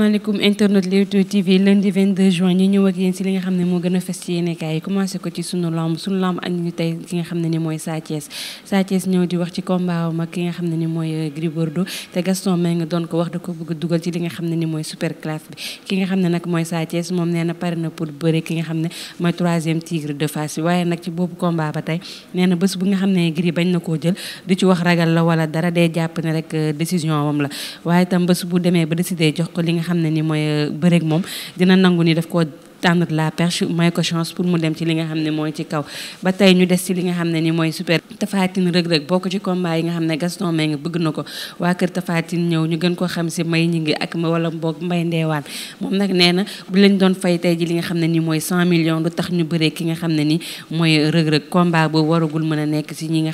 asalaamaaleykum internet Leewtoo TV lundi 22 juin ñu ñëw ak yéen si li nga xam ne moo gën a fës ci yéenekaay yi commencé ko ci sunu lamb sunu lamb ak tey ki nga xam ne ni mooy wax ci euh, ko wax da ci li nga xam ne ni mooy super classe bi ki nga xam ne nag mooy saa Thiès moom nee na pare na pour bëre ki nga xam ne mooy troisième tigre de Fass bi waaye nag ci boobu combat ba tey nee na bu nga xam ne Gris bañ na koo jël du ci wax ragal la wala dara dee jàpp ne rek euh, décision wam la waaye tam bés bu demee ba xam ne ni mooy euh, bëreeg moom dina nangu ni daf koo tendre la perche may ko chance pour mu dem ci li nga xam ne mooy ci kaw ba tey ni mooy super Tapha Tine rëg-rëg bokk ci combat yi nga xam ne Gaston si may ngi na bu lañ doon fay tey ji ki nga xam ni mooy rëg-rëg combat boobu waragul mën a nekk si ñi nga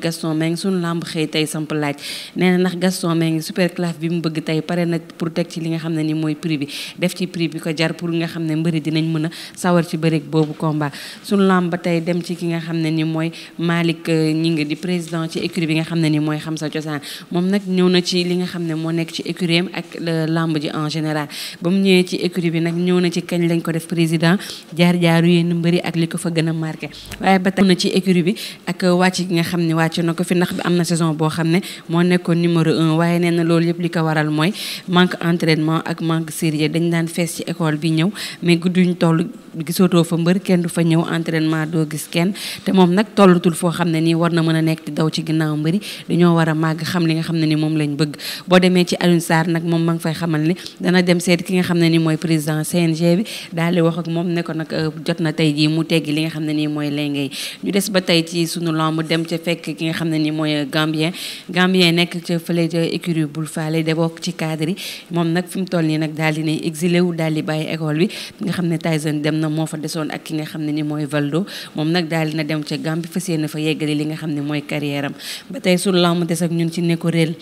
xam suñu lamb xëy tey samp laaj ndax Gaston Mbengue super classe bi mu bëgg tey pare na pour teg ci li nga xam ne ni mooy prix bi def ci prix bi ko jar pour nga xam ne mbëri dinañ mën a sawar ci bëreeg boobu combat suñu lamb ba tey dem ci ki nga xam ne ni mooy Malick euh, ñi di président ci écurie bi nga xam ne ni mooy xam sa cosaan moom nag ñëw na ci li nga xam ne moo nekk ci écurie am ak euh, lamb ji en général ba mu ñëwee ci écurie bi nag ñëw na ci kañ lañ ko def président jaar jaaru mbëri ak li ko fa gën a marqué waaye ba tey na ci écurie bi ak euh, wàcc gi nga xam ne wàcc na ko fi ndax bi na saison boo xam ne moo nekkoon numéro un waaye nee na loolu yëpp li ko waral mooy manque entraînement ak manque sérieux dañ daan fees ci école bi ñëw mais gudduñ toll gisootoo fa mbër kenn du fa ñëw entraînement doo gis kenn te moom nag tollatul foo xam ne nii war na a nekk di daw ci ginnaaw mbëri dañoo a màgg xam li nga xam ne ni moom lañ bëgg boo demee ci Alioune Sarr nag moom ma ngi fay xamal ni dana dem seet ki nga xam ne ni mooy président CNG bi daal wax ak moom ne ko nag euh, jot na tey jii mu teggi li nga xam ne nii mooy léngay ñu des ba tey ci sunu lamb dem ca fekk ki nga xam ne ni mooy Gambien Gambien nekk ca fële ca écurie bul faale de bokk ci cadre yi toll nii nag daal di nay exilé wu daal di bàyyi école bi nga xam ne Tyson dem na moo fa desoon ak ki nga xam ne ni mooy Valdo moom nag daal dina dem ca Gambie fas yéene fa yeggale li nga xam ne mooy carrière ba tey sunu lamb des ak ñun ci ko réel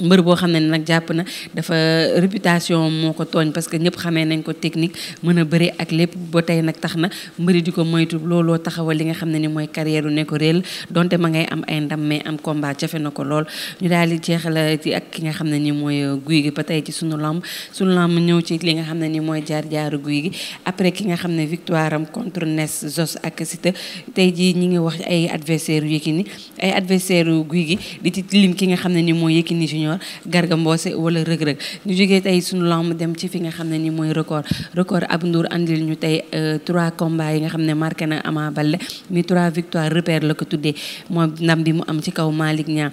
mbër boo xam ne nag jàpp na dafa réputation moo ko tooñ parce que ñëpp xamee nañ ko technique mën a bëri ak lépp ba tey nag tax na mbëri di ko moytu looloo taxawal li nga xam ne ni mooy carrière ne ko réel donte ma ngay am ay ndam mais am combat jafe na ko lool. ñu daal di jeexal ci ak ki nga xam ne ni mooy guy gi ba tey ci sunu lamb sunu lamb ñëw ci li nga xam ne ni mooy jaar jaaru guy gi après ki nga xam ne victoire am contre Nes Zos ak Siteu tey jii ñi ngi wax ay adversaire yu Yékini ay adversaire guy gi di ci lim ki nga xam ne ni mooy Yékini junior Garga Mbossé wala Reug Reug ñu jógee tey suñu lamb dem ci fi nga xam ne nii mooy record record Abou Ndour andil ñu tey euh, trois combats yi nga xam ne marqué na Ama Baldé mi trois victoire repère la ko tuddee moom ndam bi mu am ci kaw Malick Niang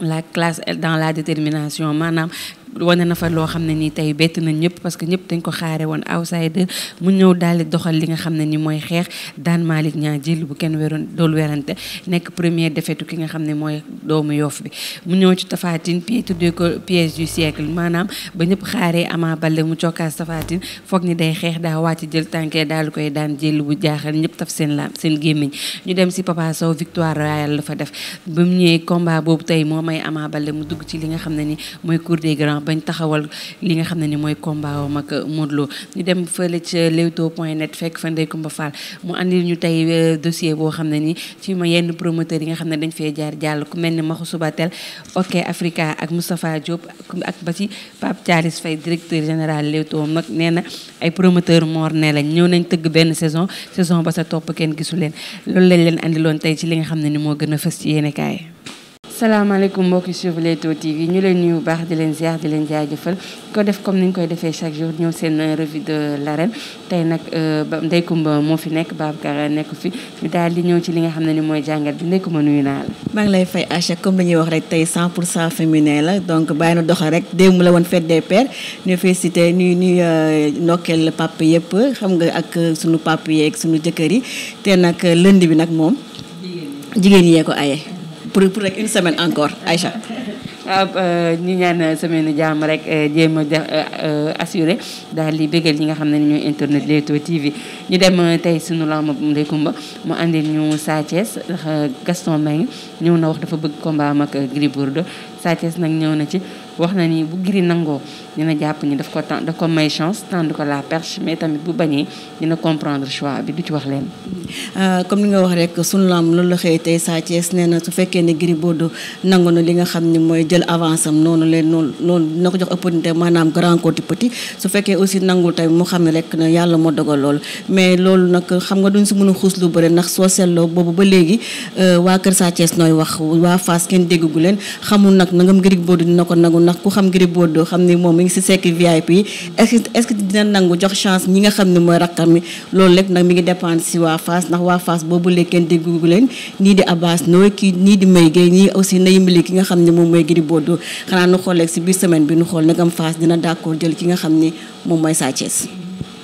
la classe dans la détermination maanaam wane na fa loo xam ne nii tey bett na ñëpp parce que ñëpp dañ ko xaare woon outsider mu ñëw daal di doxal li nga xam ne ni mooy xeex daan Malick ñaa jël bu kenn weroon dool werante nekk premier défaite ki nga xam ne mooy doomu yoof bi mu ñëw ci Tafatine pied tuddee ko pièce du siècle maanaam ba ñëpp xaaree Ama Baldé mu cokkaas Tafatine foog ni day xeex daa wàcc jël tànkee daal koy daan jël bu jaaxal ñëpp taf seen laam seen gémmiñ ñu dem si Papa Sow victoire royale la fa def ba mu ñëwee combat boobu tey moo may Ama Baldé mu dugg ci li nga xam ne ni mooy cour des grands bañ taxawal li nga xam ne ni mooy combat wam ak Modou Lo ñu dem fële ca Leewtoo point net fekk fa Ndeye Coumba Fall mu andil ñu tey euh, dossier boo xam ne ni ci ma yenn promoteur yi nga xam ne dañ fee jaar jàll ku mel ni Maxu Subatel OK Africa ak Moustapha Diop ak ba ci Pape Thialis Faye directeur général Leewtoo nag nee na ay promoteur moor ne lañ ñëw nañ tëgg benn saison saison ba sa topp kenn gisu leen loolu lañ leen andiloon tey ci li nga xam ne ni moo gën a fës ci yéene salaamaaleykum mbokki suivre Leewtoo TV ñu leen nuyu baax di leen ziar di leen jaajëfal ko def comme ni ñu koy defee chaque jour ñëw seen euh, revue de l'arène tey nag euh, ndey Comba moo fi nekk Babacar nekk fi ñu daal di ñëw ci li nga xam ne ni mooy jàngat bi Ndeye Comba nuyu naa la. maa ngi lay fay Acha comme li ñuy wax rek tey 100 pour cent féminin la donc bàyyi na doxal rek démb la woon fête des pères ñu félicité ñu ñu euh, ndokkeel papa yëpp xam nga ak sunu papa yeeg sunu jëkkër yi te nag lënd bi nag moom. jigéen yee ko aye pour pour rek une semaine encore Aïcha. waaw ah, euh, ñu ñaan semaine nu jàmm rek euh, jéem a def euh, assuré daal di bégal ñi nga xam ne ñooy internet Leewtoo TV ñu dem tey suñu sunu lamb Ndeye Comba mu andil ñu Sa Thiès Gaston Mbengue ñëw na wax dafa bëgg combat am ak Gris Bordeaux Sa nag ñëw na ci. wax na ni bu giri nangoo dina jàpp ni daf ko tànn daf ko may chance tendre ko la perche mais tamit bu bañee dina comprendre choix bi du ci wax leen. Euh, comme su fekkee ne Gris Bordeaux nangu na li nga xam ne mooy jël avance am noonu leen noonu loolu dina ko jox opportunité maanaam grand côté petit su fekkee aussi nangul tamit mu xam ne rek na yàlla moo dogal lool mais loolu nag xam nga duñ si mën a xuus lu bëri ndax soo seetloo boobu ba léegi euh, waa kër Sa Thiès nooy wax waa Fass kenn déggu leen ndax ku xam Gris Bordeaux xam ni moom mi ngi si sekk VIP yi est-ce dina nangu jox chance ñi nga xam ne mooy rakkam mi loolu lépp nag mi ngi dépendre si waa Fass ndax waa Fass boobu léegi kenn déggu leen nii di Abbas Nooy kii nii di Mbaye Guèye nii aussi Ndeye Mbile ki nga xam ne moom mooy Gris Bordeaux xanaa nu xool si biir semaine bi nu xool nagam Fass dina d'accord jël ki nga xam ni moom mooy Sa Thiès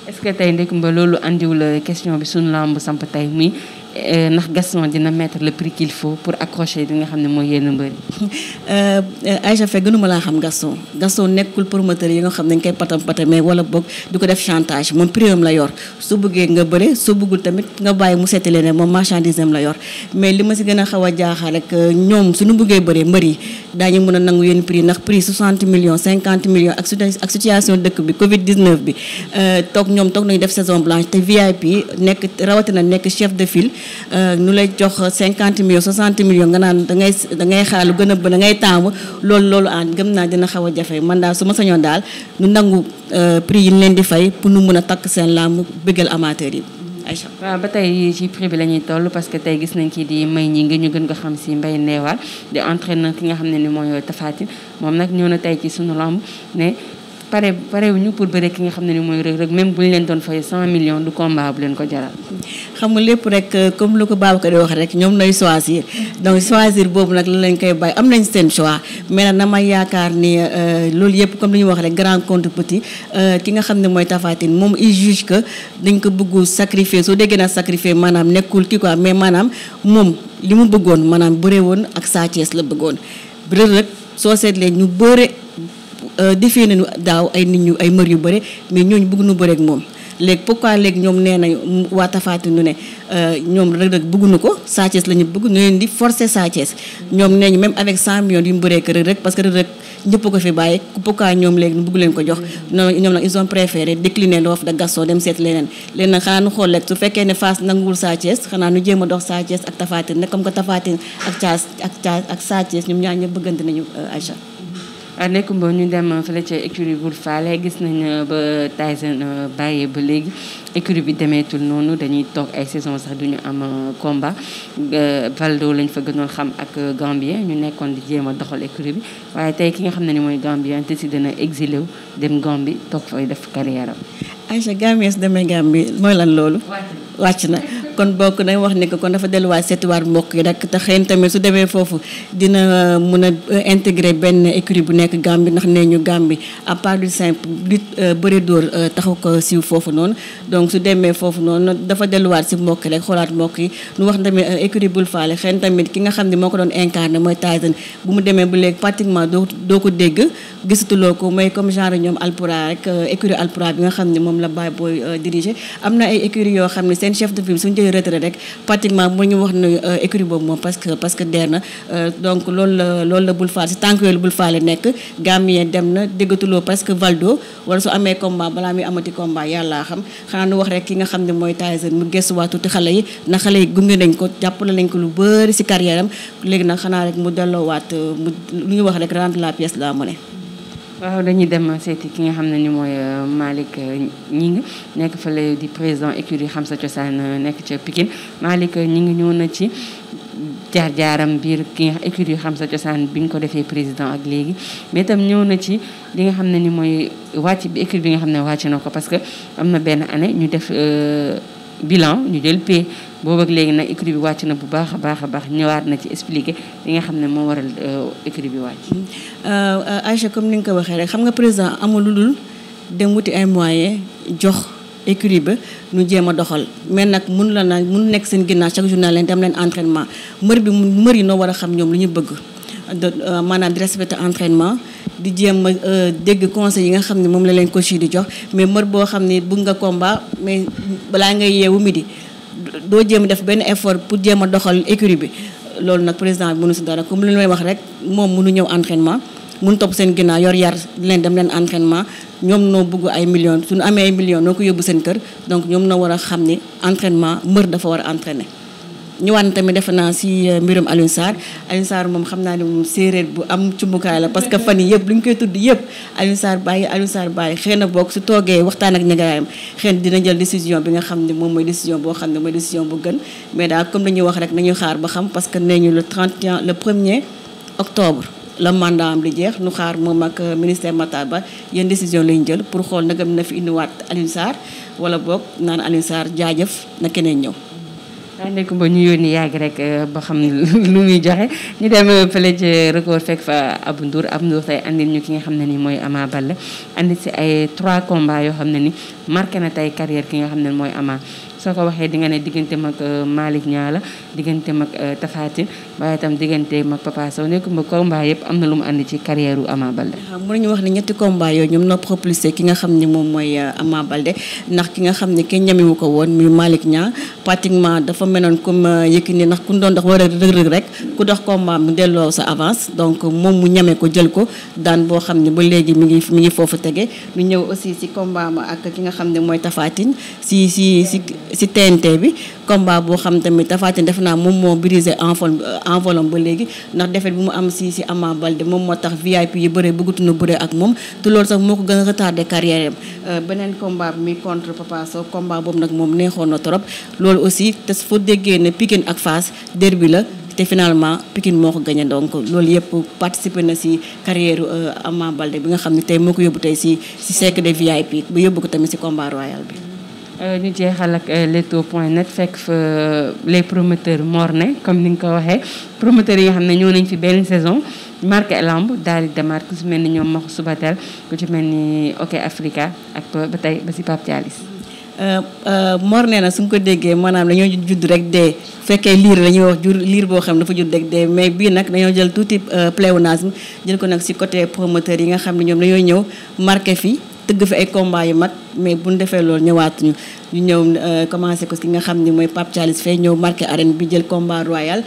est-ce tey ndek mba loolu andiwul question bi suñu lamb samp tey muy Euh, ndax Gaston dina mettre le prix qu'il faut pour accrocher li nga xam ne mooy yenn mbër yi. Euh, Aïcha Faye gënuma laa xam Gaston gason nekkul promoteur yi nga xam ne dañ koy patam patamee wala boog ko def chantage moom prix la yor su bëggee nga bëre su bëggul tamit nga bàyyi mu seeti leen moom marchandise am la yor mais li ma si gën a xaw a jaaxal rek euh, ñoom suñu bëggee bëree mbër yi daañu mën a nangu yenn prix ndax prix 60 millions 50 millions ak ak situation dëkk bi Covid 19 bi toog ñoom toog nañu def saison blanche te VIP nekk rawatina nekk chef de file. Euh, ñu lay jox cinquante millions soixante millions nga naan dangay ngay da ngay xaalu gën a ba a ngay taamu loolu loolu aan gëm naa dina xaw a jafe man daal su ma sañoon daal ñu nangu euh, prix yi ñu leen di fay pour ñu mën a takk seen làmb bëggal amateur yi. waaw ba tey ci prix bi la ñuy toll parce que tey gis nañ kii di may ñi nga ñu gën ko xam si mbay neewaal di entraîneur ki nga xam ne ni mooy Tapha Tine moom nag ñoo na tey ci sunu làmb ne pare parewuñu pour bëre ki nga xam ne ni mooy Reug Reug même bu ñu leen doon fay 100 millions du combat bu leen ko jaral. xam lépp rek euh, comme lu ko Babacar di wax rek ñoom nooy choisir donc choisir boobu nag la lañ koy bàyyi am nañ seen choix mais nag dama yaakaar ni euh, loolu yëpp comme li ñu wax rek grand contre petit euh, ki nga xam ne mooy Tapha Tine moom il juge que dañ ko bëggu sacrifier soo déggee a sacrifier maanaam nekkul kii quoi mais maanaam moom li mu bëggoon maanaam bëre woon ak Sa la bëggoon Euh, defee nañu daaw ay nit ñu ay mbër yu bëre mais ñooñu bëgg nu bëreek moom léegi pourquoi léegi ñoom nee nañ waa tafaati nu ne euh, ñoom rek rek bëgguñu ko Sa Thiès la ñu bëgg ñu leen di forcer Sa Thiès ñoom nee ñu même avec 100 millions yu mu bëree ko rek parce que rek rek ko fi bàyyi pourquoi ñoom léegi ñu bëgg leen ko jox noonu ñoom nag ils ont préféré décliner l'offre de Gaston dem seet leneen léegi nag xanaa nu xool rek su fekkee ne Fass nanguwul Sa Thiès xanaa nu jéem a dox Sa Thiès ak tafaati nag comme que tafaati ak Thiès ak Thiès ak Sa Thiès ñoom ñaar ñëpp bëggante nañu euh, Aïcha Ah, nekkum ba ñu dem fële écurie Bour Falé gis nañ euh, ba Tyson euh, bàyyee ba léegi écurie bi demeetul noonu dañuy toog ay saison sax duñu am euh, combat Valdo lañ fa gënoon xam ak Gambien ñu nekkoon di jéem a doxal écurie bi waaye tey ki nga xam ne ni mooy Gambien te si dina exilé wu dem Gambie toog fay def carrière am. Aïcha Gambien si demee Gambie mooy lan loolu. wàcc na. kon bokk nañ wax ne ko kon dafa delluwaat seetuwaat mbokk yi rek te xëy tamit su demee foofu dina euh, mun a euh, intégrer benn écurie bu nekk Gambie ndax nee ñu Gambie à part du simple du bëri dóor taxu ko siiw foofu noonu donc su demee foofu noonu dafa delluwaat si mbokk rek xoolaat mbokk yi nu wax tamit euh, écurie bul faale xëy tamit ki nga xam ne moo ko doon incarné mooy Tyson bu mu demee bu léegi pratiquement doo doo ko dégg gisatuloo ko mooy comme genre ñoom Alpura rek écurie Alpura bi nga xam ni moom la Baye Boy diriger am na ay écurie yoo xam ne seen chef de file suñ koy retiré rek pratiquement mu ñu wax ne euh, écurie boobu moom parce que parce que deer na euh, donc loolu la loolu la bul faal si tànk yooyu bul faale nekk Gambien dem na déggatuloo parce Valdo wala su amee combat balaa muy amati combat yàllaa xam xanaa nu wax rek ki nga xam ne mooy Tyson mu gëstuwaat tuuti xale yi na xale yi gunge nañ ko jàppale nañ ko lu bëri si carrière léegi nag xanaa rek mu delloowaat euh, mu lu ñu wax rek rendre la pièce la monnaie waaw dañuy dem seeti ki nga xam ne ni mooy euh, Malick euh, Gningue nekk fële di président yi xam sa cosaan euh, nekk ca Pikine Malick Gningue ñëw na ci jaar jaaram biir ki nga écurie xam sa cosaan bi ñu ko defee président ak léegi itam ñëw na ci li nga xam ne ni mooy wàcc bi écurie bi nga xam ne wàcc na ko parce que am na benn année ñu def bilan ñu jël paie. boobu ak léegi nag écrit bi wàcc na bu baax a baax a baax ñëwaat na ci expliqué li nga xam ne moo waral euh, écrit bi wàcc. Euh, Aïcha comme ni nga ko waxee rek xam nga président amul lu dul dem wuti ay moyens jox écrit ba ñu jéem a doxal mais nag munu la nag mun nekk seen ginnaaw chaque journée leen dem leen entraînement mër bi mu mër yi noo war a xam ñoom lu ñu bëgg. Euh, maanaam di respecté entraînement di jéem a dégg conseil yi nga xam ni moom la leen coach yi di jox mais mër boo xam ne bëgg nga combat mais balaa ngay yeewu midi. doo jéem def benn effort pour jéem a doxal écurie bi loolu nag président bi mënu si dara comme lu may wax rek moom munu ñëw entraînement mun topp seen ginnaaw yor yar leen dem leen entraînement ñoom noo bugg ay millions suñu amee ay millions noo ko yóbbu seen kër donc ñoom noo war a xam ni entraînement mbër dafa war a entraîner ñëwaan tamit defe naa si euh, mbirum Alioune Sarr Alioune Sarr moom xam naa ne moom séeréer bu am cumbukaay la parce que fan yi yëpp lu ñu koy tudd yëpp Alioune Sarr bàyyi Alioune Sarr bàyyi xëy na bokk su toogee waxtaan ak ñagaraayam xëy dina jël décision bi nga xam ne moom mooy décision boo xam ne mooy décision bu gën mais daal comme dañuy wax rek nañu xaar ba xam parce que nee ñu le 31 le 1er octobre la mandat am li jeex nu xaar moom ak euh, ministère Matar Ba yéen décision lañu jël pour xool nagam na fi indiwaat Alioune Sarr wala boog naan Alioune jaajëf na keneen ñëw ndax nekk ba ñu yónni yàgg rek euh, boo xam lu muy joxe ñu dem euh, fële ci record fekk fa Abou Ndour Abou Ndour tey andi ñu ki nga xam ne ni mooy Ama Baldé andi si ay trois combats yoo xam ne ni marqué na tey carrière ki nga xam ne mooy Ama soo ko waxee di nga ne diggante mag euh, Malick Niang la diggante mag euh, Tapha Tine waaye diggante mag Papa Sow nekk ma lu mu ànd ci carrière u Ama Baldé ah, mën nañu wax ne ñetti combat yooyu ñoom noo propulsé ki nga xam ne moom mooy euh, Ama Baldé ndax ki nga xam ne kenn ñamewu ko ku doon dox war a rëg-rëg rek ku dox combat delloo sa avance donc moom mu ñame ko jël ko daan boo xam ne ba léegi mi ngi mi ngi foofu tege ñu ñëw aussi si combat ma ak ki nga xam ne mooy Tapha si si si TNT bi combat boo xam tamit Tapha Tine def naa moom moo brisé envol envolom ba léegi ndax defet bi mu am si si Ama Baldé moom moo tax VIP yi bëree bëggatuñu bëree ak moom te loolu sax moo ko gën a retardé carrière am euh, beneen combat bi mi contre Papa Sow boobu nag moom neexoon na trop loolu aussi te foo déggee ne pikin ak Fass derby la te finalement Pikine moo ko gagné donc loolu yëpp participer na si carrière euh, Ama Baldé bi nga xam ne tey moo ko yóbbu tey si si cercle de VIP ba yóbbu ko tamit si combat royal bi Euh, ñu jeexal ak euh, leewtoo point net fekk fa euh, les promoteurs morne comme ni nga ko waxee promoteurs yi nga xam ne ñëw nañ fi benn saison marqué lamb daal di ku ci mel ni ñoom Maxu Subatel ku ci mel ni OK Africa ak ba tey ba si Pape Thialis. morne na su nga ko déggee maanaam dañoo judd rek dee fekkee liir la ñuy wax jur liir boo xam dafa judd rek dee mais bii nag dañoo jël tuuti pléonasme jël ko nag si côté promoteur yi nga xam ne ñoom dañoo ñëw marqué fii. tëgg fi ay combat yu mag mais bu ñu defee loolu ñëwaatuñu ñu ñëw euh, commencé ko si nga xam ni mooy Pape Thialis Faye ñëw marqué arène bi jël combat royal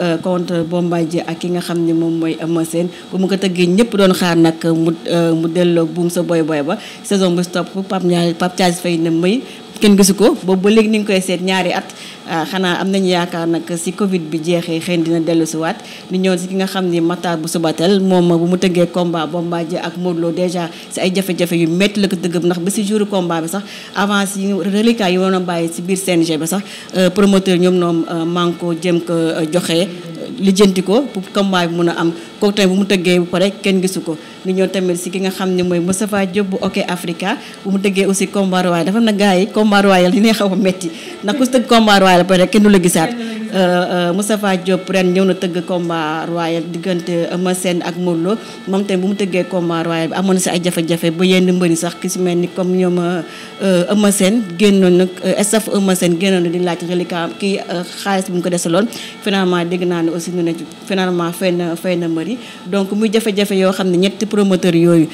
euh, contre Bombardier ak ki nga xam ni moom mooy Eumeu Sène bu mu nga tëggee ñëpp doon xaar nag mu euh, mu delloo buum sa booy booy ba saison bu stop Pape Pape Thialis Faye ne may kenn gisu ko boobu ba léegi ni nga koy seet ñaari at ah, xanaa am nañu yaakaar nag si Covid bi jeexee xëy dina dellu si waat di si ki nga xam ni Matar bu subateel moom bu mu tëggee combat Bombardier ak Modou Lo dèjà ay jafe-jafe yu métti la ko tëgg ndax ba si jour combat bi sax avance yi reliquats yi waroon a bàyyi si biir seen CNG bi sax euh, promoteur ñoom ñoom euh, manko jëm ko euh, joxe. lijjanti ko pour combat bi mun a am kooku tamit bu mu tëggee bu pare kenn gisu ko ñu ñëw tamit si ki nga xam ne mooy Moustapha Diop bu OK Africa bu mu tëggee aussi combat royal dafa na gars yi combat royal li xaw a metti ndax ku si tëgg combat royal ba pare kenn du la gisaat Euh, euh, Moustapha Diop ren ñëw na tëgg combat royal diggante Eumeu ak Modou Lo moom tamit bu mu tëggee combat royal bi amoon na si ay jafe-jafe ba yenn mbëri sax ki si mel ni comme ñoom euh, Eumeu Sène génnoon nag staff Eumeu Sène génnoon di laaj reliquat kii xaalis bi mu ko desee desaloon finalement dégg naa ne aussi ñu ne finalement fay na fay na mbëri donc muy jafe-jafe yoo xam ne ñetti promoteurs yooyu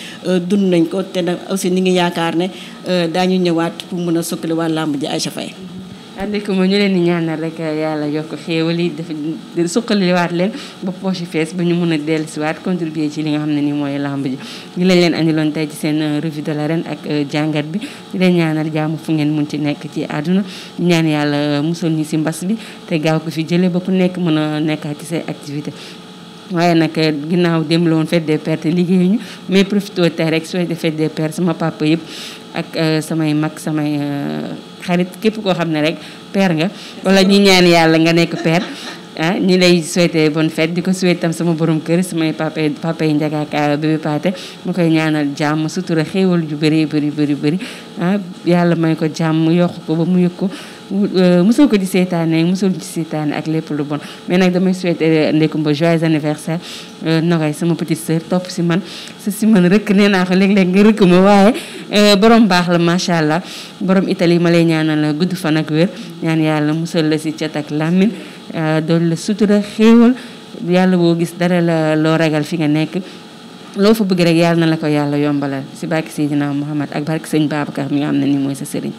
dund nañ ko te nag aussi ni ngi yaakaar ne daañu ñëwaat pour mun a sukkali waa làmb ji Aïcha aleykum ñu leen di ñaanal rek yàlla yokk xéewal yi dafa suqaliwaat leen ba poche fees ba ñu mun a dellusiwaat contribuer ci li nga xam ne nii mooy lamb ji ñu lañ leen andiloon tey ci seen euh, revue de ak euh, jàngat bi di leen ñaanal jaamu fu ngeen mun ci nekk ci àdduna ñaan yàlla euh, musal ñu si mbas bi te gaaw ko fi jële ba ku nekk mën a nekkaat ci say activité waaye nag ginnaaw dem la woon fête des te liggéeyuñu mais profité te rek sooy de fête sama papa yëpp ak samay mag samay xarit képp koo xam ne rek père nga wala ñi ñaan yàlla nga nekk père ah ñi lay souhaité bon fête di ko souhaité tam sama borom kër samay papa papa yi njagaaka bébé paate mu koy ñaanal jàmm sutura xéewal ju bëri bëri bëri bëri ah, yàlla may ko jàmm yokk ko ba mu yëg ko Euh, mosoo ko di seetaane eh, mosul ci seetaane ak lépp lu bon mais nag damay souhaiter euh, Ndeye Comba joyeux anniversaire euh, Nogaye sama petite sœur topp si man sa si man rëkk nee naa ko léeg-léeg nga rëkk ma waaye borom baax la macha allah borom Italie ma lay ñaanal la gudd fan ak wér ñaan yàlla musal la si cat ak làmmin doon la sutura xéewal yàlla boo gis dara la loo ragal fi nga nekk loo fa bëgg rek yàlla na la ko yàlla yombalal si barke Seydina Muhammad ak barke sëñ Babacar mi nga xam ne nii mooy sa sëriñ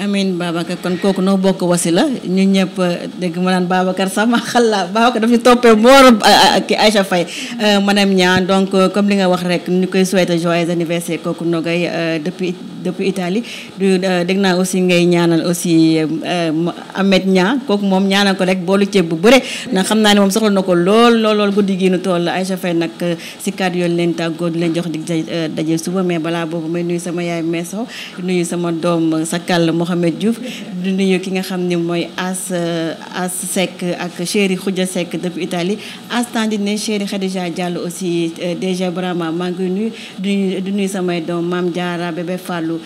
amin Babacar kon kooku noo bokk wasila ñu ñëpp uh, dégg ma naan Babacar sama xalaat Babacar daf ñu toppee mboor uh, uh, ki Aïcha Faye madame ñaan donc comme li nga wax rek ni koy souhaiter joyeux anniversaire kooku Nogay depuis depuis Italie du naa aussi ngay ñaanal aussi Ahmed Niang kooku moom ñaanal ko rek boolu ceeb bu bëre ndax xam naa ne moom soxla na ko lool lool lool guddi gi nu toll Aïcha Faye nag si kàddu yoon leen tàggoo di leen jox di daje suba mais balaa boobu may nuyu sama yaay Meso nuyu sama doom sa Mohamed Diouf du nuyu ki nga xam ne mooy As As Seck ak Chéri Khoudia Seck depuis Italie As Tandine Chéri Khadija Diallo aussi euh, déjà Brahma maa ngi nuyu di nuyu samay doom Mame Diarra bébé Fallou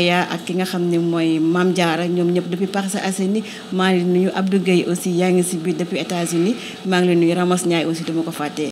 ya ak ki nga xam ni mooy Mame Diarra ñoom ñëpp depuis Parcelles Assainies maa ngi nuyu Abdou aussi yaa ngi si biir depuis États-Unis maa ngi lay nuyu Ramos Ndiaye aussi duma ko fàtte.